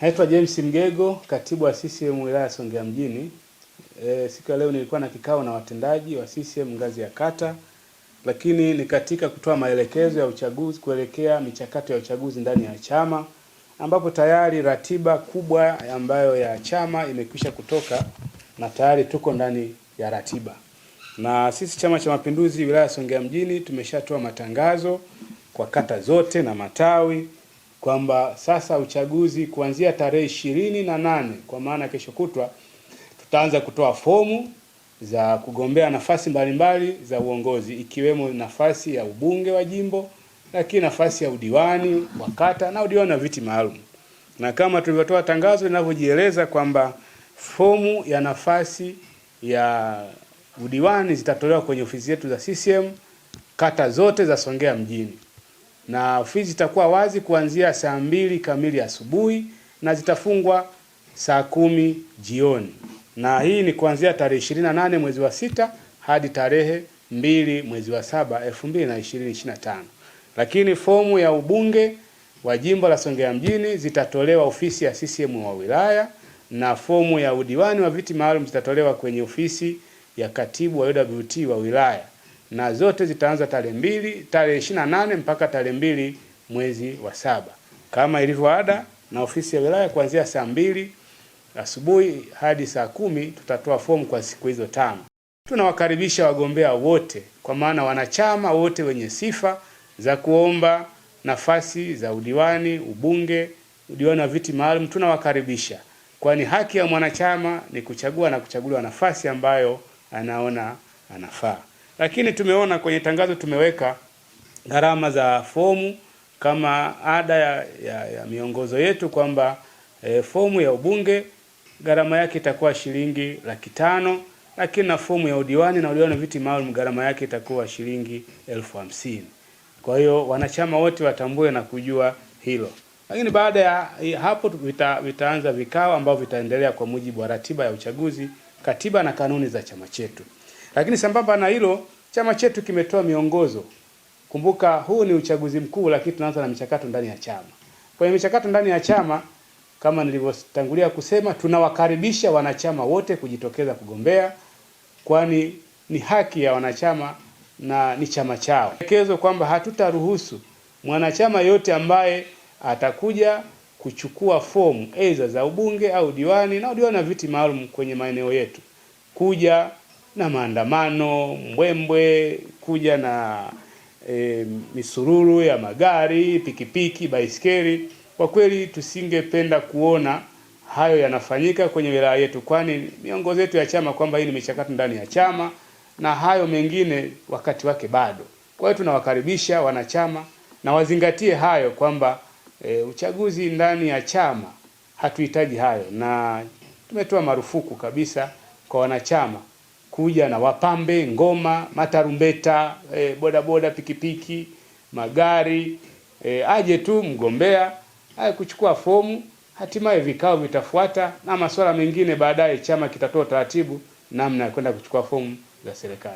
Naitwa James Mgego, katibu wa CCM wilaya Songea mjini. E, siku ya leo nilikuwa na kikao na watendaji wa CCM ngazi ya kata, lakini ni katika kutoa maelekezo ya uchaguzi kuelekea michakato ya uchaguzi ndani ya chama, ambapo tayari ratiba kubwa ambayo ya chama imekwisha kutoka na tayari tuko ndani ya ratiba, na sisi Chama cha Mapinduzi wilaya Songea mjini tumeshatoa matangazo kwa kata zote na matawi kwamba sasa uchaguzi kuanzia tarehe ishirini na nane kwa maana kesho kutwa tutaanza kutoa fomu za kugombea nafasi mbalimbali za uongozi ikiwemo nafasi ya ubunge wa jimbo, lakini nafasi ya udiwani wa kata na udiwani wa viti maalum, na kama tulivyotoa tangazo linavyojieleza kwamba fomu ya nafasi ya udiwani zitatolewa kwenye ofisi zetu za CCM kata zote za Songea mjini na ofisi zitakuwa wazi kuanzia saa mbili kamili asubuhi na zitafungwa saa kumi jioni, na hii ni kuanzia tarehe 28 mwezi wa sita hadi tarehe mbili mwezi wa saba elfu mbili na ishirini na tano. Lakini fomu ya ubunge wa jimbo la Songea mjini zitatolewa ofisi ya CCM wa wilaya na fomu ya udiwani wa viti maalum zitatolewa kwenye ofisi ya katibu wa UWT wa wilaya na zote zitaanza tarehe mbili tarehe ishirini na nane mpaka tarehe mbili mwezi wa saba kama ilivyo ada, na ofisi ya wilaya kuanzia saa mbili asubuhi hadi saa kumi tutatoa fomu kwa siku hizo tano. Tunawakaribisha wagombea wote, kwa maana wanachama wote wenye sifa za kuomba nafasi za udiwani, ubunge, udiwani wa viti maalum, tunawakaribisha, kwani haki ya mwanachama ni kuchagua na kuchaguliwa nafasi ambayo anaona anafaa. Lakini tumeona kwenye tangazo tumeweka gharama za fomu kama ada ya, ya, ya miongozo yetu kwamba e, fomu ya ubunge gharama yake itakuwa shilingi laki tano lakini na fomu ya udiwani na udiwani viti maalum gharama yake itakuwa shilingi elfu hamsini. Kwa hiyo wanachama wote watambue na kujua hilo. Lakini baada ya hapo vita, vitaanza vikao ambavyo vitaendelea kwa mujibu wa ratiba ya uchaguzi, katiba na kanuni za chama chetu. Lakini sambamba na hilo, chama chetu kimetoa miongozo. Kumbuka huu ni uchaguzi mkuu, lakini tunaanza na michakato ndani ya chama. Kwenye michakato ndani ya chama, kama nilivyotangulia kusema, tunawakaribisha wanachama wote kujitokeza kugombea, kwani ni haki ya wanachama na ni chama chao. Elekezo kwamba hatutaruhusu mwanachama yote ambaye atakuja kuchukua fomu aidha za ubunge au diwani na udiwani na viti maalum kwenye maeneo yetu kuja na maandamano, mbwembwe, kuja na e, misururu ya magari, pikipiki, baiskeli Kwa kweli tusingependa kuona hayo yanafanyika kwenye wilaya yetu, kwani miongozo yetu ya chama kwamba hii ni michakato ndani ya chama na hayo mengine wakati wake bado. Kwa hiyo tunawakaribisha wanachama na wazingatie hayo kwamba e, uchaguzi ndani ya chama hatuhitaji hayo, na tumetoa marufuku kabisa kwa wanachama kuja na wapambe ngoma, matarumbeta, e, bodaboda, pikipiki, magari e, aje tu mgombea aje kuchukua fomu, hatimaye vikao vitafuata na masuala mengine baadaye. Chama kitatoa taratibu namna ya kwenda kuchukua fomu za serikali.